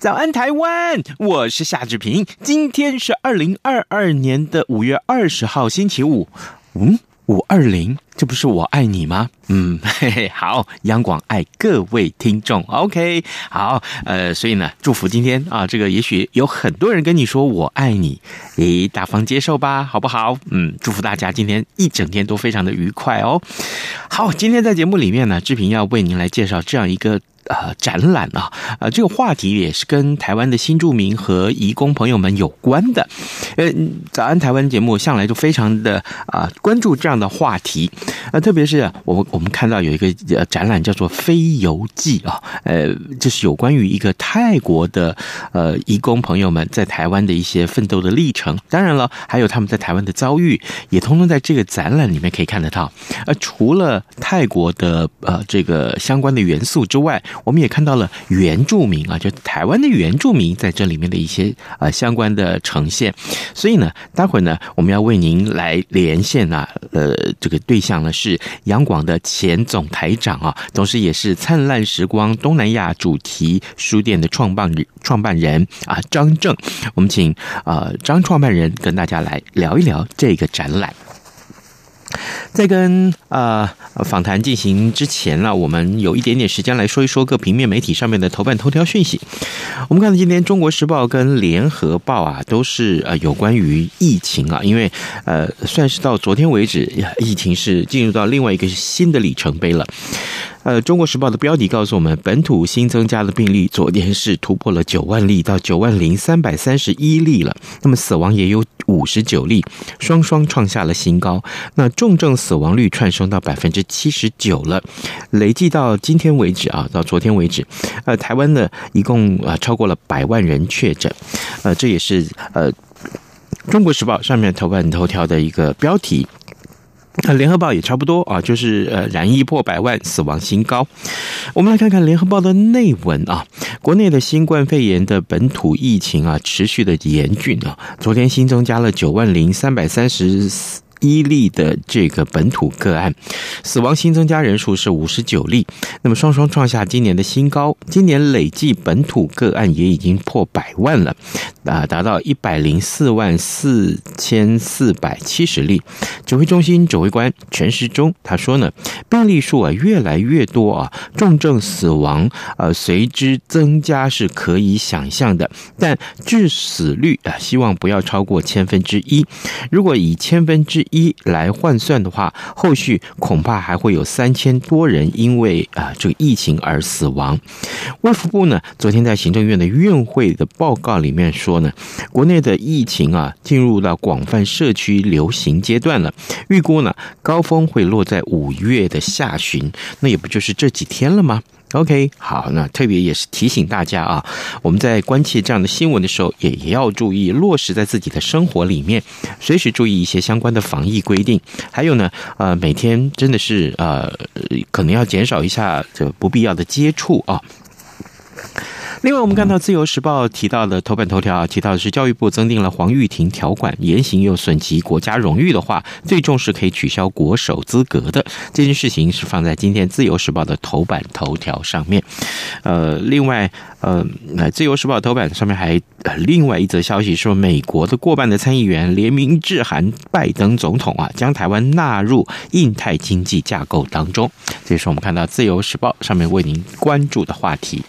早安，台灣！我是夏治平。今天是二零二二年的五月二十號，星期五。嗯，五二零，這不是我愛你嗎？嗯，嘿嘿，好，央廣愛各位聽眾。OK，好，呃，所以呢，祝福今天啊，這個也許有很多人跟你說我愛你，你大方接受吧，好不好？嗯，祝福大家今天一整天都非常的愉快哦。好，今天在節目裡面呢，治平要為您來介紹這樣一個。呃，展覽啊，呃，這個話題也是跟台灣的新住民和移工朋友們有關的。呃，早安台灣節目向來就非常的啊，呃，關注這樣的話題。那，呃，特別是我我們看到有一個展覽叫做《非遊記》啊，呃，就是有關於一個泰國的呃移工朋友們在台灣的一些奮鬥的歷程。當然了，還有他們在台灣的遭遇，也通通在這個展覽裡面可以看得到。呃，除了泰國的呃這個相關的元素之外，我們也看到了原住民啊，就台灣的原住民在這裡面的一些呃相關的呈現，所以呢，待會兒呢，我們要為您來連線啊，呃，這個對象呢是央廣的前總台長啊，同時也是燦爛時光東南亞主題書店的創辦創辦人啊張正，我們請啊張創辦人跟大家來聊一聊這個展覽。在跟呃訪談進行之前呢，啊，我們有一點點時間來說一說各平面媒體上面的頭版頭條訊息。我們看到今天《中國時報》跟《聯合報》啊，都是啊有關於疫情啊，因為呃，算是到昨天為止，疫情是進入到另外一個新的里程碑了。呃，《中國時報》的標題告訴我們，本土新增加的病例昨天是突破了九萬例到九萬零三百三十一例了，那麼死亡也有五十九例，雙雙創下了新高。那重症死亡率竄升到百分之七十九了，累計到今天為止啊，到昨天為止，呃，台灣呢一共啊，呃，超過了百萬人確診，呃，這也是呃《中國時報》上面頭版頭條的一個標題。聯合報也差不多啊，就是呃，染疫破百萬，死亡新高。我們來看看聯合報的內文啊，國內的新冠肺炎的本土疫情啊，持續的嚴峻啊，昨天新增加了九萬零三百三十四。伊利的這個本土個案死亡新增加人數是五十九例，那麼雙雙創下今年的新高。今年累計本土個案也已經破百萬了，啊，達到一百零四萬四千四百七十例。指揮中心指揮官陳時中，他說呢，病例數啊越來越多啊，重症死亡呃、啊、隨之增加是可以想象的，但致死率啊希望不要超過千分之一。如果以千分之一一來換算的話，後續恐怕還會有三千多人因為啊、呃、這個疫情而死亡。衛福部呢，昨天在行政院的院會的報告裡面說呢，國內的疫情啊，進入到廣泛社區流行階段了，預估呢高峰會落在五月的下旬，那也不就是這幾天了嗎？OK，好，那特別也是提醒大家啊，我們在關切這樣的新聞的時候，也也要注意落實在自己的生活裡面，隨時注意一些相關的防疫規定。還有呢，呃，每天真的是，呃，可能要減少一下就不必要的接觸啊。另外，我們看到《自由時報》提到的頭版頭條啊，提到的是教育部增訂了黃玉婷條款，言行又損及國家榮譽的話，最重是可以取消國手資格的這件事情，是放在今天《自由時報》的頭版頭條上面。呃，另外，呃，那《自由時報》頭版上面還、呃、另外一則消息，說美國的過半的參議員聯名致函拜登總統啊，將台灣納入印太經濟架構當中。這也是我們看到《自由時報》上面為您關注的話題。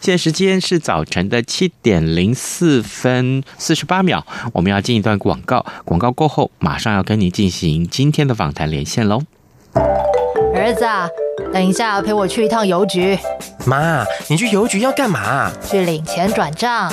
現在時間是早晨的七點零四分四十八秒，我們要進一段廣告，廣告過後馬上要跟你進行今天的訪談連線嘍。兒子啊，等一下陪我去一趟郵局。媽，你去郵局要幹嘛？去領錢轉賬。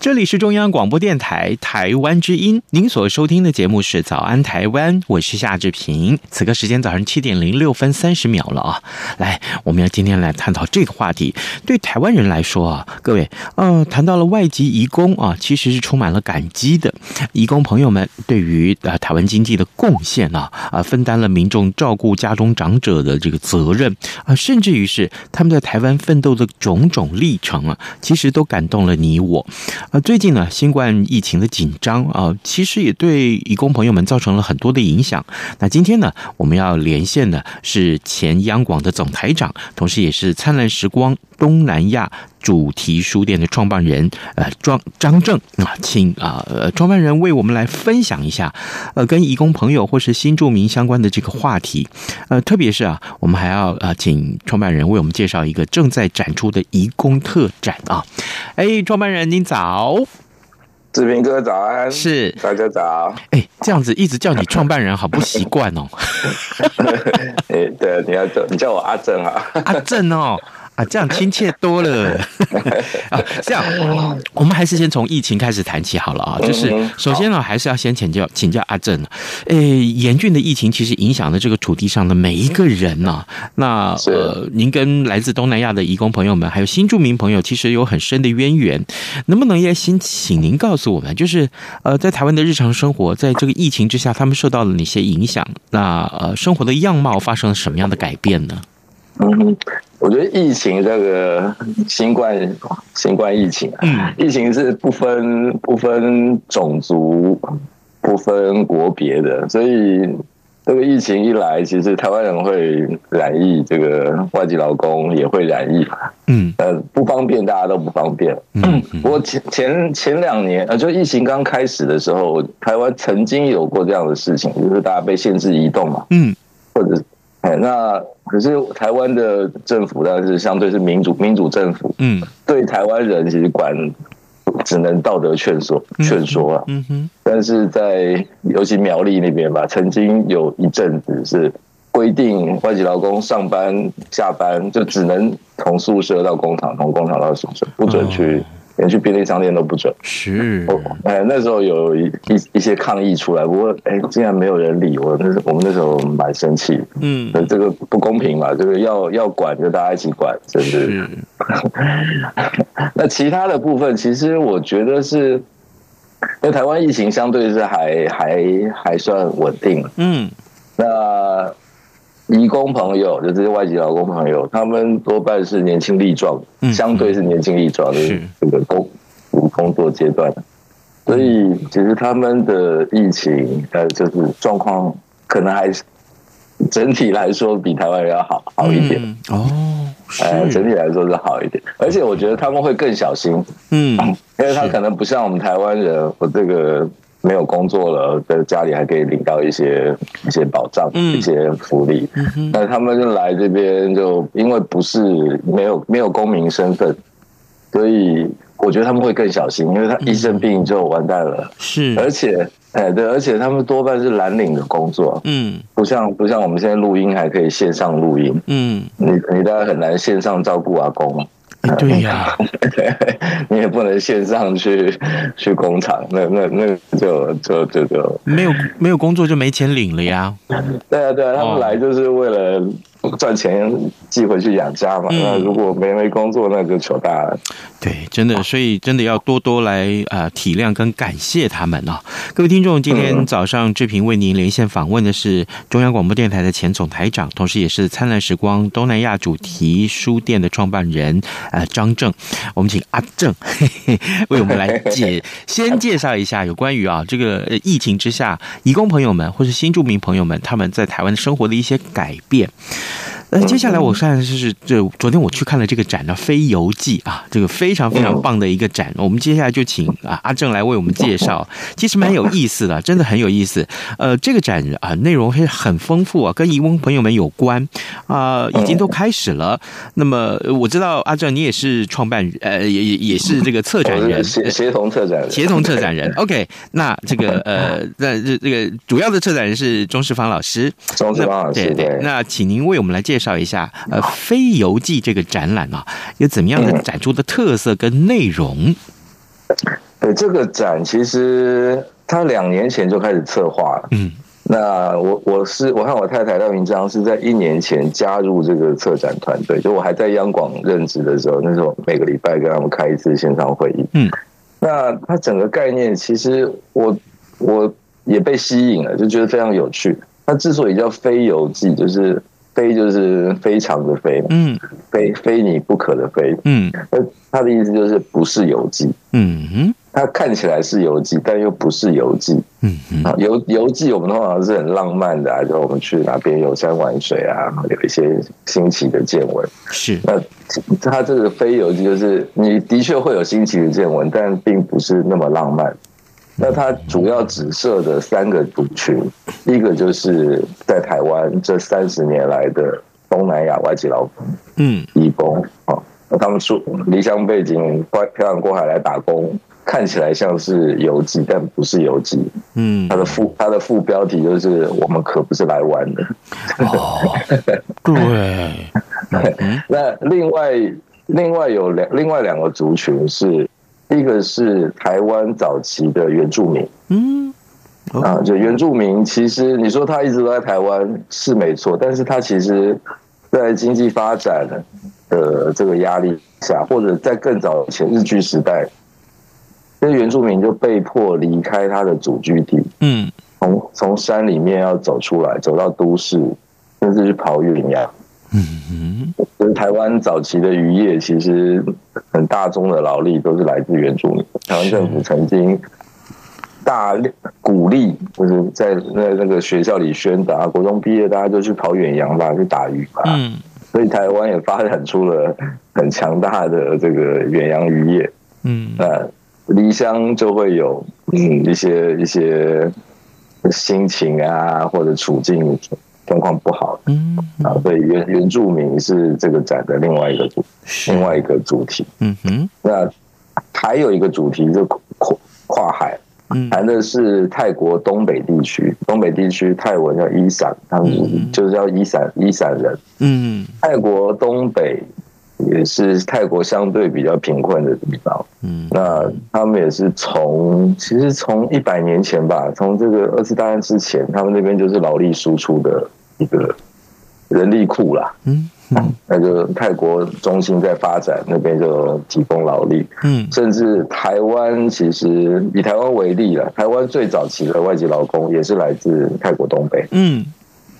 這裡是中央廣播電台台灣之音，您所收聽的節目是《早安台灣》，我是夏治平。此刻時間早上七點零六分三十秒了啊。來，我們要今天來探討這個話題。對台灣人來說啊，各位，嗯、呃，談到了外籍移工啊，其實是充滿了感激的。移工朋友們對於啊、呃、台灣經濟的貢獻啊，啊，分擔了民眾照顧家中長者的這個責任啊，甚至於是他們在台灣奮鬥的種種歷程啊，其實都感動了你我。那最近呢，新冠疫情的緊張啊，其實也對移工朋友們造成了很多的影響。那今天呢，我們要連線的是前央廣的總台長，同時也是燦爛時光東南亞。主題書店的創辦人，呃，莊張正啊，請啊，呃，創辦人為我們來分享一下，呃，跟移工朋友或是新住民相關的這個話題，呃，特別是啊，我們還要啊、呃，請創辦人為我們介紹一個正在展出的移工特展啊。哎、欸，創辦人，您早。治平哥，早安。是，大家早。哎、欸，這樣子一直叫你創辦人，好不習慣哦。哎， 對，你要叫你叫我阿正啊， 阿正哦。啊，這樣親切多了。 啊，這樣、嗯、我們還是先從疫情開始談起好了啊、嗯。就是首先呢，還是要先請教請教阿正。誒、欸，嚴峻的疫情其實影響了這個土地上的每一個人呢、啊嗯。那呃，您跟來自東南亞的移工朋友們，還有新住民朋友，其實有很深的淵源。能不能也先請您告訴我們，就是呃，在台灣的日常生活，在這個疫情之下，他們受到了哪些影響？那呃，生活的樣貌發生了什麼樣的改變呢？嗯。我覺得疫情這個新冠新冠疫情，疫情是不分不分種族、不分國別的，所以這個疫情一來，其實台灣人會染疫，這個外籍勞工也會染疫嗯，呃，不方便，大家都不方便。我、嗯嗯、前前前兩年呃就疫情剛開始的時候，台灣曾經有過這樣的事情，就是大家被限制移動嘛，嗯，或者。哎，那可是台灣的政府，但是相對是民主民主政府，嗯，對台灣人其實管只能道德勸說勸說啊，嗯哼、嗯嗯，但是在尤其苗栗那邊吧，曾經有一陣子是規定外籍勞工上班下班就只能從宿舍到工廠，從工廠到宿舍，不准去。連去便利商店都不准。是，哎、欸，那時候有一一一些抗議出來，不過哎、欸，竟然沒有人理我那時候，我們那時候蠻生氣，嗯，這個不公平嘛，這個要要管就大家一起管，是不是？是。 那其他的部分，其實我覺得是，那台灣疫情相對是還還還算穩定。嗯，那。移工朋友，就這、是、些外籍勞工朋友，他們多半是年輕力壯，相對是年輕力壯的、就是、這個工工作階段，所以其實他們的疫情呃，就是狀況可能還是整體來說比台灣人要好好一點、嗯、哦，哎，整體來說是好一點，而且我覺得他們會更小心，嗯，因為他可能不像我們台灣人我這個。沒有工作了，在家裡還可以領到一些一些保障，一些福利。那、嗯嗯，他們就來這邊，就因為不是沒有沒有公民身份，所以我覺得他們會更小心，因為他一生病就完蛋了。嗯，是，而且，哎，對，而且他們多半是藍領的工作，嗯，不像不像我們現在錄音還可以線上錄音，嗯，你你大概很難線上照顧阿公。哎、對呀、啊嗯，你也不能線上去去工廠，那那那就就就就沒有沒有工作就沒錢領了呀。對啊對啊、哦，他們來就是為了賺錢。寄回去養家嘛，那如果沒沒工作，那就糗大了。對，真的，所以真的要多多來呃體諒跟感謝他們啊、哦！各位聽眾，今天早上治平為您連線訪問的是中央廣播電台的前總台長，同時也是燦爛時光東南亞主題書店的創辦人啊、呃、張正。我們請阿正嘿嘿為我們來解， 先介紹一下有關於啊這個疫情之下，移工朋友們或是新住民朋友們他們在台灣的生活的一些改變。那接下來我算是這昨天我去看了這個展的《非遊記》啊，這個非常非常棒的一個展。我們接下來就請啊阿正來為我們介紹，其實蠻有意思的，真的很有意思。呃，這個展啊內容是很豐富啊，跟移工朋友們有關啊、呃，已經都開始了。那麼我知道阿正，你也是創辦人呃也也也是這個策展人，協協同策展協同策展人。OK，那這個呃那這這個主要的策展人是鍾世芳老師，鍾世芳老師對，對。那請您為我們來介。介紹一下呃，非遊記這個展覽啊，有怎麼樣的展出的特色跟內容？嗯，對，這個展其實它兩年前就開始策劃了，嗯，那我我是我和我太太廖雲章是在一年前加入這個策展團隊，就我還在央廣任職的時候，那時候每個禮拜跟他們開一次線上會議，嗯，那它整個概念其實我我也被吸引了，就覺得非常有趣。它之所以叫非遊記，就是。非就是非常的非，嗯，非非你不可的非，嗯，那他的意思就是不是遊記，嗯哼，它看起來是遊記，但又不是遊記，嗯哼，遊遊記我們通常是很浪漫的啊，就我們去哪邊游山玩水啊，有一些新奇的見聞，是，那他這個非遊記就是你的確會有新奇的見聞，但並不是那麼浪漫。那它主要指涉的三個族群，一個就是在台灣這三十年來的東南亞外籍勞工，嗯，移工啊、哦，那他們說，離鄉背井漂漂洋過海來打工，看起來像是遊記，但不是遊記。嗯，它的副它的副標題就是“我們可不是來玩的”。哦，對。 那另外另外有兩另外兩個族群是。第一個是台灣早期的原住民，嗯，啊，就原住民，其實你說他一直都在台灣是沒錯，但是他其實在經濟發展的這個壓力下，或者在更早以前日據時代，那原住民就被迫離開他的祖居地，嗯，從從山裡面要走出來，走到都市，甚至是跑遠洋呀。嗯哼，就是台灣早期的漁業其實很大宗的勞力都是來自原住民。台灣政府曾經大力鼓勵，就是在那那個學校裡宣達，國中畢業大家就去跑遠洋吧，去打魚吧。嗯，所以台灣也發展出了很強大的這個遠洋漁業。嗯，呃，離鄉就會有嗯一些一些心情啊，或者處境。狀況不好，嗯啊，所以原、原住民是這個展的另外一個主另外一個主題。嗯哼。那還有一個主題是跨跨海，談的是泰國東北地區，東北地區泰文叫依善，他們就是叫依善依善人。嗯，泰國東北也是泰國相對比較貧困的地方，嗯，那他們也是從其實從一百年前吧，從這個二次大戰之前，他們那邊就是勞力輸出的。一個人力庫啦，嗯嗯，那個泰國中心在發展，那邊就提供勞力，嗯，甚至台灣其實以台灣為例了，台灣最早期的外籍勞工也是來自泰國東北，嗯，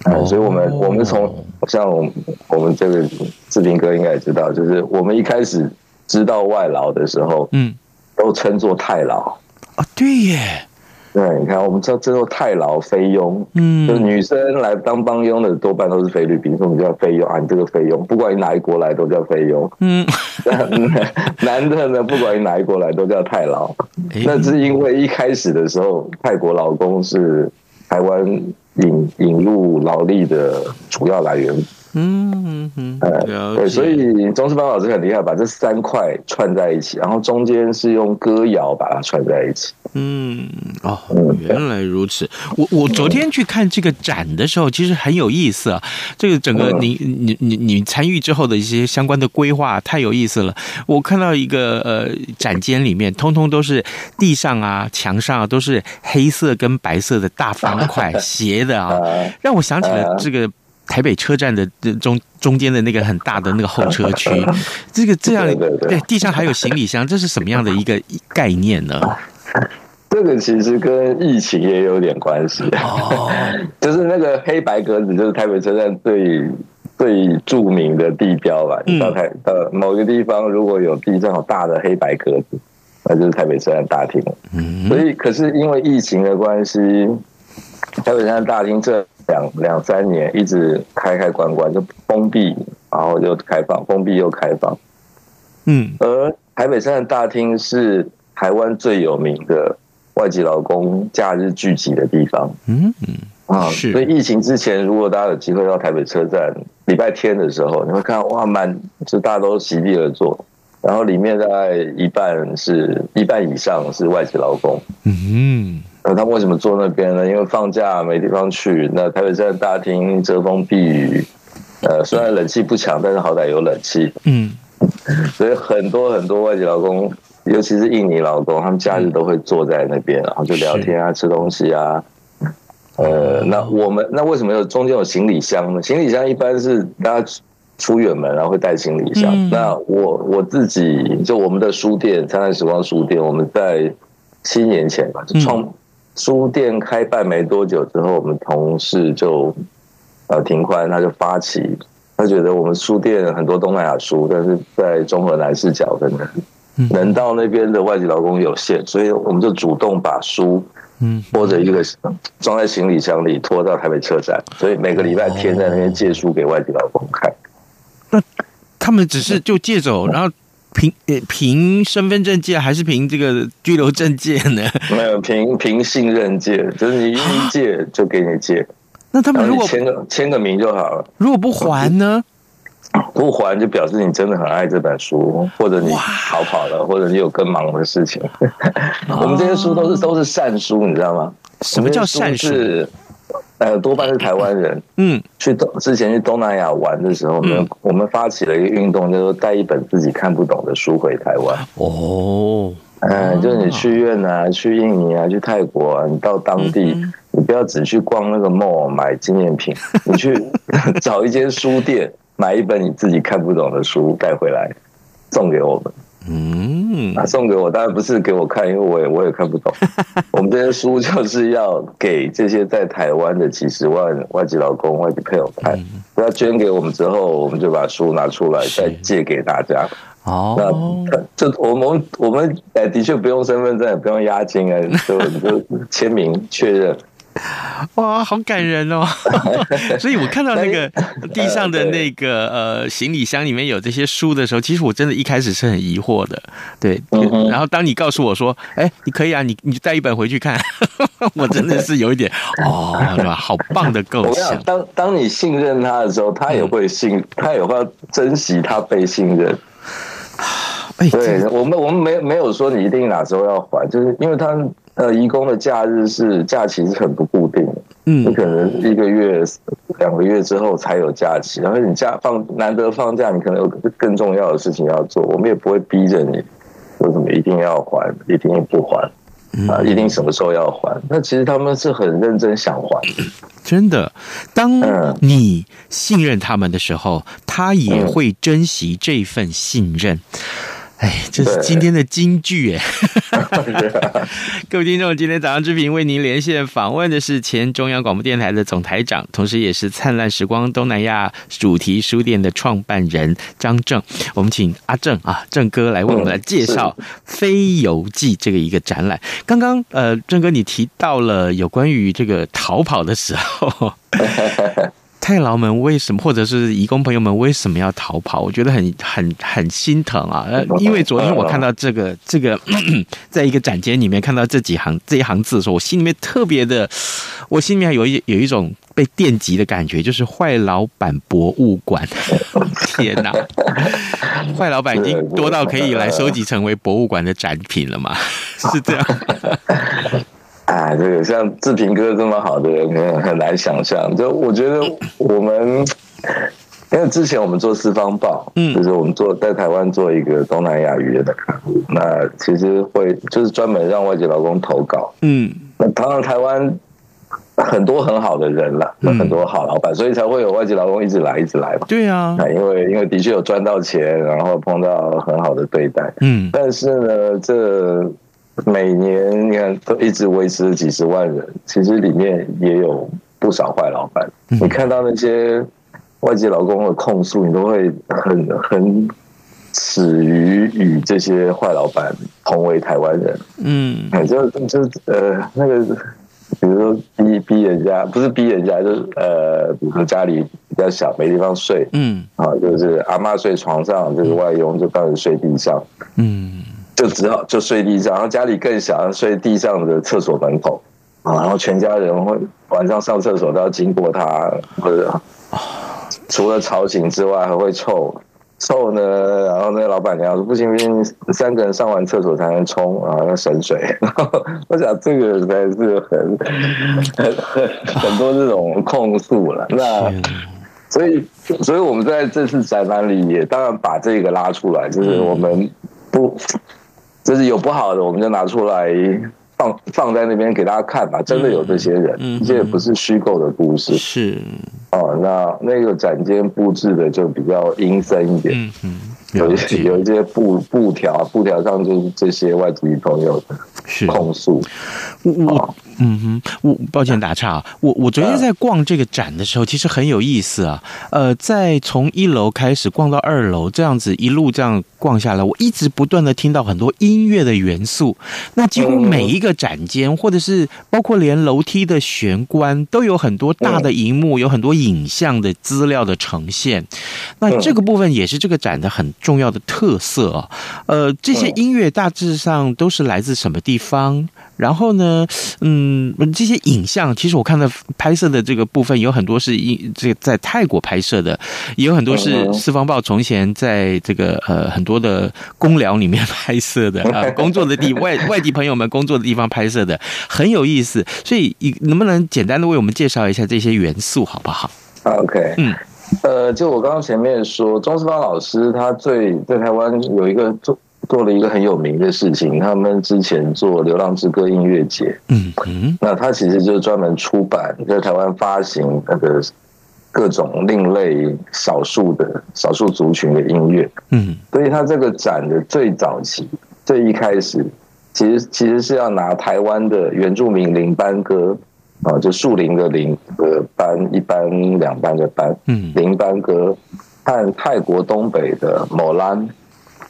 呃、所以我們、哦、我們從像我們，我們這個志平哥應該也知道，就是我們一開始知道外勞的時候，嗯，都稱作泰勞啊、哦，對耶。對，你看，我們知道，最後泰勞菲傭，嗯，就女生來當幫傭的，多半都是菲律賓，所以我們叫菲傭啊。你這個菲傭，不管你哪一國來，都叫菲傭。嗯， 男的呢，不管你哪一國來，都叫泰勞、哎。那是因為一開始的時候，嗯、泰國勞工是台灣引引入勞力的主要來源。嗯嗯嗯，嗯，嗯。對，所以鍾適芳老師很厲害，把這三塊串在一起，然後中間是用歌謠把它串在一起。嗯哦，原來如此。我我昨天去看這個展的時候，其實很有意思啊。這個整個你你你你參與之後的一些相關的規劃，太有意思了。我看到一個呃展間裡面，通通都是地上啊、牆上啊，都是黑色跟白色的大方塊，斜的啊，讓我想起了這個台北車站的中中間的那個很大的那個候車區。這個這樣對地上還有行李箱，這是什麼樣的一個概念呢？這個其實跟疫情也有點關係、oh.，就是那個黑白格子，就是台北車站最最著名的地標吧。Mm. 到台某個地方如果有地震，有大的黑白格子，那就是台北車站大廳。所以可是因為疫情的關係，台北車站大廳這兩兩三年一直開開關關，就封閉，然後就開放，封閉又開放。嗯、mm.，而台北車站大廳是。台灣最有名的外籍勞工假日聚集的地方，嗯嗯啊，所以疫情之前，如果大家有機會到台北車站，禮拜天的時候，你會看到哇滿，就大家都席地而坐，然後裡面大概一半是一半以上是外籍勞工。嗯嗯、啊，他們為什麼坐那邊呢？因為放假沒地方去，那台北站大廳遮風避雨，呃，雖然冷氣不強，但是好歹有冷氣，嗯， 所以很多很多外籍勞工。尤其是印尼老公，他們假日都會坐在那邊，然後就聊天啊，吃東西啊。呃，那我們那為什麼有中間有行李箱呢？行李箱一般是大家出遠門然後會帶行李箱。嗯、那我我自己就我們的書店燦爛時光書店，我們在七年前吧，就從書店開辦沒多久之後，嗯、我們同事就呃停寬他就發起，他覺得我們書店很多東南亞書，但是在中和南勢角真的呢。能到那邊的外籍勞工有限，所以我們就主動把書，嗯，拖著一個裝在行李箱裡拖到台北車站，所以每個禮拜天在那邊借書給外籍勞工看，嗯。那他們只是就借走，然後憑憑身份證借，還是憑這個居留證件呢？沒有憑憑信任借，就是你一借就給你借。啊，你那他們如果簽個簽個名就好了。如果不還呢？不還就表示你真的很愛這本書，或者你逃跑了，或者你有更忙的事情。 我們這些書都是、哦、都是善書，你知道嗎？什麼叫善書？呃，多半是台灣人。嗯，去東之前去東南亞玩的時候，我們、嗯、我們發起了一個運動，就是帶一本自己看不懂的書回台灣。哦，嗯、呃，就是你去越南、去印尼啊、去泰國，你到當地嗯嗯，你不要只去逛那個 mall 買紀念品，你去 找一間書店。買一本你自己看不懂的書帶回來送給我們，嗯、啊，送給我當然不是給我看，因為我也我也看不懂。 我們這些書就是要給這些在台灣的幾十萬外籍老公、外籍配偶看，要、嗯、捐給我們之後，我們就把書拿出來再借給大家。哦，那這我們我們哎，的確不用身份證，也不用押金就就簽名確認。 哇，好感人哦！ 所以我看到那個地上的那個呃行李箱裡面有這些書的時候，其實我真的一開始是很疑惑的。對，嗯嗯，然後當你告訴我說：“哎、欸，你可以啊，你你帶一本回去看。 ”我真的是有一點 哦，好棒的構想。我當當你信任他的時候，他也會信，嗯、他也會珍惜他被信任。對，我們我們沒沒有說你一定哪時候要還，就是因為他。呃，移工的假日是假期是很不固定的，嗯，你可能一個月、兩個月之後才有假期，然後你假放難得放假，你可能有更重要的事情要做，我們也不會逼着你為什麼一定要還，一定不還、嗯，啊，一定什麼時候要還？那其實他們是很認真想還的，真的。當你信任他們的時候，嗯、他也會珍惜這份信任。哎，這是今天的金句哎！各 位聽眾，今天早上治平為您連線訪問的是前中央廣播電台的總台長，同時也是燦爛時光東南亞主題書店的創辦人張正。我們請阿正啊，正哥來為我們來介紹《非遊記》這個一個展覽。嗯、剛剛呃，正哥你提到了有關於這個逃跑的時候。 泰勞們為什麼，或者是移工朋友們為什麼要逃跑？我覺得很很很心疼啊！因為昨天我看到這個這個咳咳，在一個展間裡面看到這幾行這一行字的時候，我心裡面特別的，我心裡面有一有一種被電擊的感覺，就是壞老板博物館！天哪、啊，壞老板已經多到可以，以來收集成為博物館的展品了嗎？是這樣。 啊，這個像治平哥這麼好的人，很很難想象。就我覺得，我們因為之前我們做四方報，嗯、就是我們做在台灣做一個東南亞語言的刊物，那其實會就是專門讓外籍勞工投稿，嗯，那當然台灣很多很好的人了，有、嗯、很多好老板，所以才會有外籍勞工一直來一直來嘛。對啊，因為因為的確有賺到錢，然後碰到很好的對待，嗯，但是呢，這。每年你看都一直維持了幾十萬人，其實裡面也有不少壞老板。嗯。你看到那些外籍勞工的控訴，你都會很很恥於與這些壞老板同為台灣人。嗯，哎、欸，就就呃，那個比如說逼逼人家，不是逼人家，就是呃，比如說家裡比較小沒地方睡，嗯，啊，就是阿嬤睡床上，就是外傭就當你睡地上，嗯。就只好就睡地上，然後家裡更小，睡地上的廁所門口啊，然後全家人會晚上上廁所都要經過他，或者除了吵醒之外，還會臭臭呢。然後那個老板娘說：“不行不行，三個人上完廁所才能沖啊，要省水。”我想這個還是很很很多這種控訴了。那所以所以我們在這次展覽裡也當然把這個拉出來，就是我們不。嗯就是有不好的，我們就拿出來放，放在那邊給大家看吧。真的有這些人，嗯嗯、這也不是虛構的故事。是哦，那那個展間佈置的就比較陰森一點。嗯。有有一些布布條，布條上就是這些外籍朋友的控訴。我、哦、嗯哼，我抱歉打岔、啊。我我昨天在逛這個展的時候、嗯，其實很有意思啊。呃，在從一樓開始逛到二樓，這樣子一路這樣逛下來，我一直不斷的聽到很多音樂的元素。那幾乎每一個展間、嗯，或者是包括連樓梯的玄關，都有很多大的熒幕、嗯，有很多影像的資料的呈現。那這個部分也是這個展的很重要的特色啊，呃，這些音樂大致上都是來自什麼地方？嗯、然後呢，嗯，這些影像，其實我看到拍攝的這個部分有很多是印這在泰國拍攝的，也有很多是《四方報》從前在這個呃很多的工寮裡面拍攝的啊、呃，工作的地 外外地朋友們工作的地方拍攝的，很有意思。所以，能不能簡單的為我們介紹一下這些元素，好不好？OK，嗯。呃，就我剛剛前面說，鍾適芳老師他最在台灣有一個做做了一個很有名的事情，他們之前做流浪之歌音樂節，嗯嗯，那他其實就是專門出版在台灣發行那個各種另類少數的少數族群的音樂，嗯，所以他這個展的最早期，最一開始，其實其實是要拿台灣的原住民林班歌，啊，就樹林的林，呃，班一班兩班的班，嗯，林班歌，和泰國東北的摩蘭，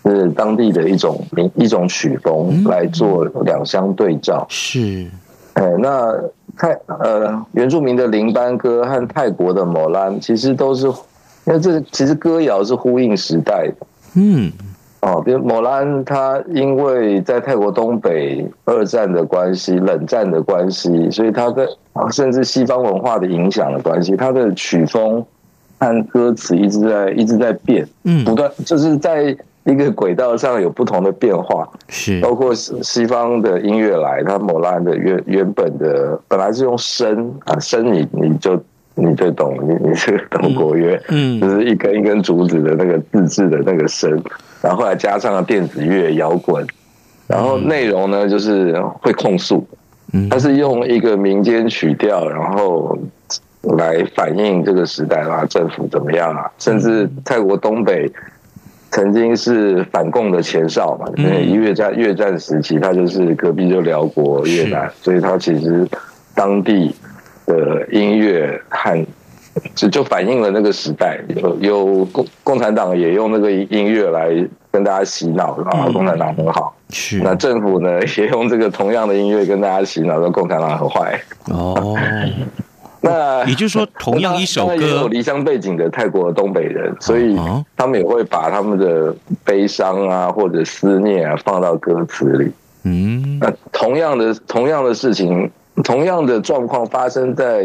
是當地的一種名，一種曲風來做兩相對照，是，哎，那泰呃，原住民的林班歌和泰國的摩蘭，其實都是，因為這其實歌謠是呼應時代的，嗯。哦，比如摩蘭，他因為在泰國東北二戰的關係、冷戰的關係，所以他的甚至西方文化的影響的關係，他的曲風和歌詞一直在一直在變，嗯，不斷就是在一個軌道上有不同的變化，是包括西方的音樂來，他摩蘭的原原本的本來是用聲啊，聲你你就你就懂，你你是懂國樂，嗯，嗯，就是一根一根竹子的那個自制的那個聲。然後來加上了電子樂、搖滾，然後內容呢，就是會控訴，它是用一個民間曲調，然後來反映這個時代啦、啊、政府怎麼樣啊，甚至泰國東北曾經是反共的前哨嘛，因為越戰越戰時期，它就是隔壁就寮國、越南，所以它其實當地的音樂和。就就反映了那個時代，有有共共產黨也用那個音樂來跟大家洗腦，啊共產黨很好、嗯。那政府呢也用這個同樣的音樂跟大家洗腦，說共產黨很壞。哦， 那也就是說，同樣一首歌，離鄉背井的泰國的東北人，所以他們也會把他們的悲傷啊或者思念啊放到歌詞裡。嗯，那同樣的同樣的事情。同樣的狀況發生在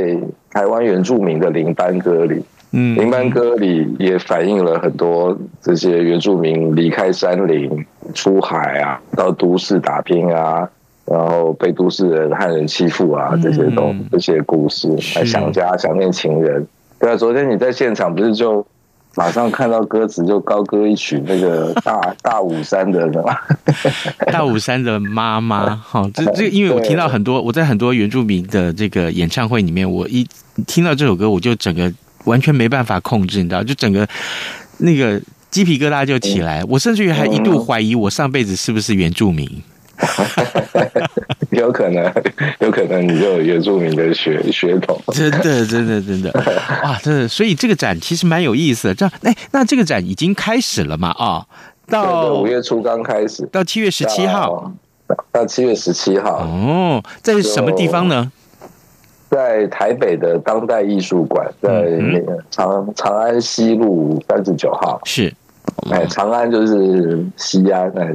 台灣原住民的林班歌裡，嗯，林班歌裡也反映了很多這些原住民離開山林、出海啊，到都市打拼啊，然後被都市人漢人欺負啊，這些東，這些故事，還想家、想念情人。對啊，昨天你在現場不是就？馬上看到歌詞就高歌一曲那個大 大武山的，大武山的媽媽。好， 這、哦，這因為我聽到很多，我在很多原住民的這個演唱會裡面，我一聽到這首歌，我就整個完全沒辦法控制，你知道，就整個那個雞皮疙瘩就起來，嗯、我甚至於還一度懷疑我上輩子是不是原住民。嗯嗯 有可能，有可能你就有原住民的血血統， 真的，真的，真的，哇，真的！所以這個展其實蠻有意思的。這樣，哎，那這個展已經開始了嘛？啊、哦，到五月初剛開始，到七月十七號，到七月十七號哦，在什麼地方呢？在台北的當代藝術館，在那個長、嗯、長安西路三十九號是。哎，長安就是西安，哎，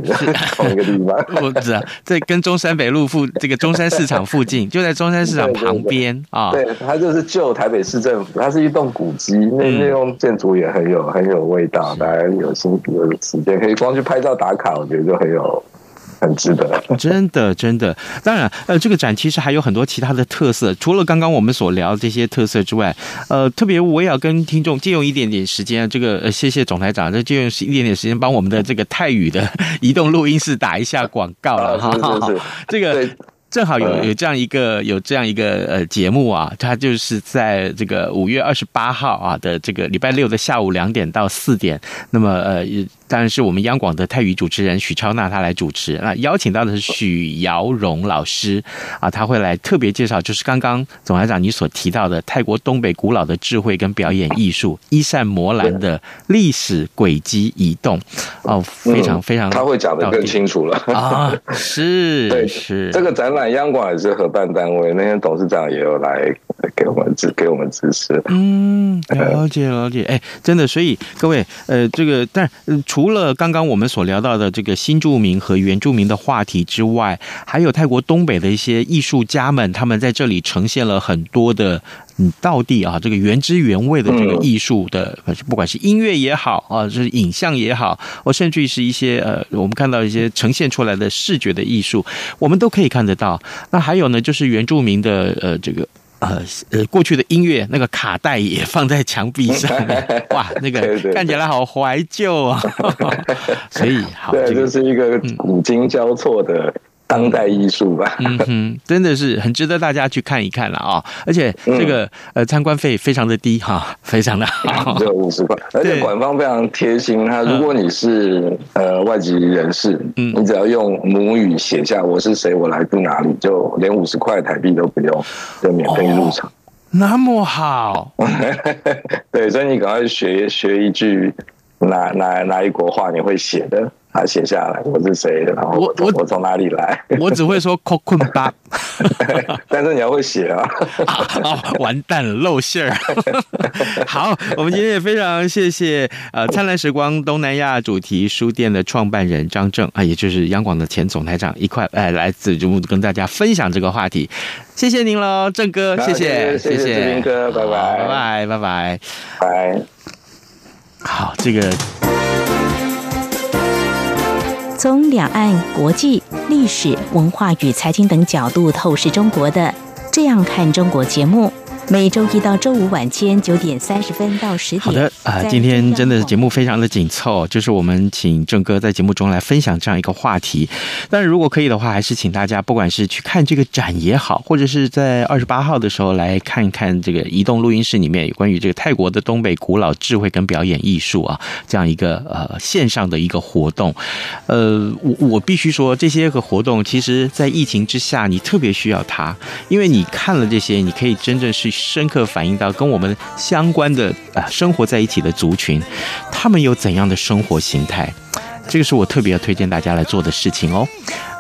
同一個地方。我不 道在跟中山北路附這個中山市場附近，就在中山市場旁邊啊、哦。對，它就是舊台北市政府，它是一棟古蹟、嗯，那那棟建築也很有很有味道。大家有心思有時間可以光去拍照打卡，我覺得就很有。很值得，真的真的。當然，呃，這個展其實還有很多其他的特色，除了剛剛我們所聊的這些特色之外，呃，特別我也要跟聽眾借用一點點時間啊，這個呃，謝謝總台長，再借用一點點時間幫我們的這個泰語的移動錄音室打一下廣告了哈。這個正好有有這樣一個有這樣一個呃節目啊，它就是在這個五月二十八號啊的這個禮拜六的下午兩點到四點，那麼呃。當然是我們央廣的泰語主持人許超娜，她來主持。那邀請到的是許瑤榮老師啊，他會來特別介紹，就是剛剛總台長你所提到的泰國東北古老的智慧跟表演藝術伊善摩蘭的歷史軌跡移動哦，非常非常、嗯、他會講的更清楚了啊，是，對，是這個展覽，央廣也是合辦單位，那天董事長也有來給我們支給我們支持。嗯，了解了解，哎、欸，真的，所以各位，呃，這個但除。呃除了剛剛我們所聊到的這個新住民和原住民的話題之外，還有泰國東北的一些藝術家們，他們在這裡呈現了很多的，嗯，道地啊，這個原汁原味的這個藝術的，不管是音樂也好啊，就是影像也好，我甚至於是一些呃，我們看到一些呈現出來的視覺的藝術，我們都可以看得到。那還有呢，就是原住民的呃這個。呃呃，過去的音樂那個卡帶也放在牆壁上 哇，那個看起來好懷舊啊， 所以好，對，這個就是一個古今交錯的。嗯當代藝術吧，嗯，嗯真的是很值得大家去看一看了啊！而且這個、嗯、呃，參觀費非常的低哈，非常的好，只有五十塊，而且館方非常貼心，他如果你是呃，呃外籍人士，你只要用母語寫下我是誰，我來自哪裡，就連五十塊台幣都不用，就免費入場、哦。那麼好， 對，所以你趕快學學一句哪哪哪一國話你會寫的。啊，寫下來我是誰，然後我我從哪裡來？我只會說庫庫吧，但是你要會寫 啊好，完蛋露餡兒。 好，我們今天也非常謝謝呃燦爛時光東南亞主題書店的創辦人張正啊，也就是央廣的前總台長一塊哎、呃、來自跟大家分享這個話題，謝謝您嘍正哥、啊，謝謝謝謝，謝，謝，謝，謝斌哥，拜拜拜拜拜拜，好，拜拜拜拜 Bye，好這個。從兩岸、國際、歷史、文化與財經等角度透視中國的，這樣看中國節目。每週一到週五晚間九點三十分到十點。好的啊、呃，今天真的節目非常的緊湊，哦、就是我們請正哥在節目中來分享這樣一個話題。但是如果可以的話，還是請大家不管是去看這個展也好，或者是在二十八號的時候來看看這個移動錄音室裡面有關於這個泰國的東北古老智慧跟表演藝術啊這樣一個呃線上的一個活動。呃，我我必須說，這些個活動其實，在疫情之下，你特別需要它，因為你看了這些，你可以真正是。深刻反映到跟我們相關的啊、呃，生活在一起的族群，他們有怎樣的生活形態？這個是我特別要推薦大家來做的事情哦。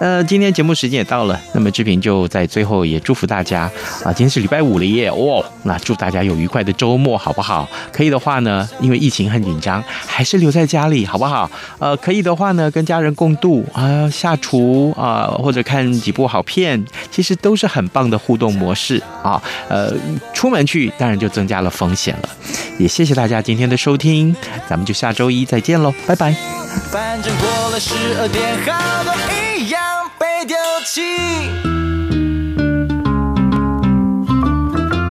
呃，今天節目時間也到了，那麼治平就在最後也祝福大家啊！今天是禮拜五了耶，哇、哦！那祝大家有愉快的周末，好不好？可以的話呢，因為疫情很緊張，還是留在家裡，好不好？呃，可以的話呢，跟家人共度啊、呃，下廚啊、呃，或者看幾部好片，其實都是很棒的互動模式啊。呃，出門去當然就增加了風險了。也謝謝大家今天的收聽，咱們就下周一再見嘍，拜拜。反正過了十二點，後都一樣被丟棄。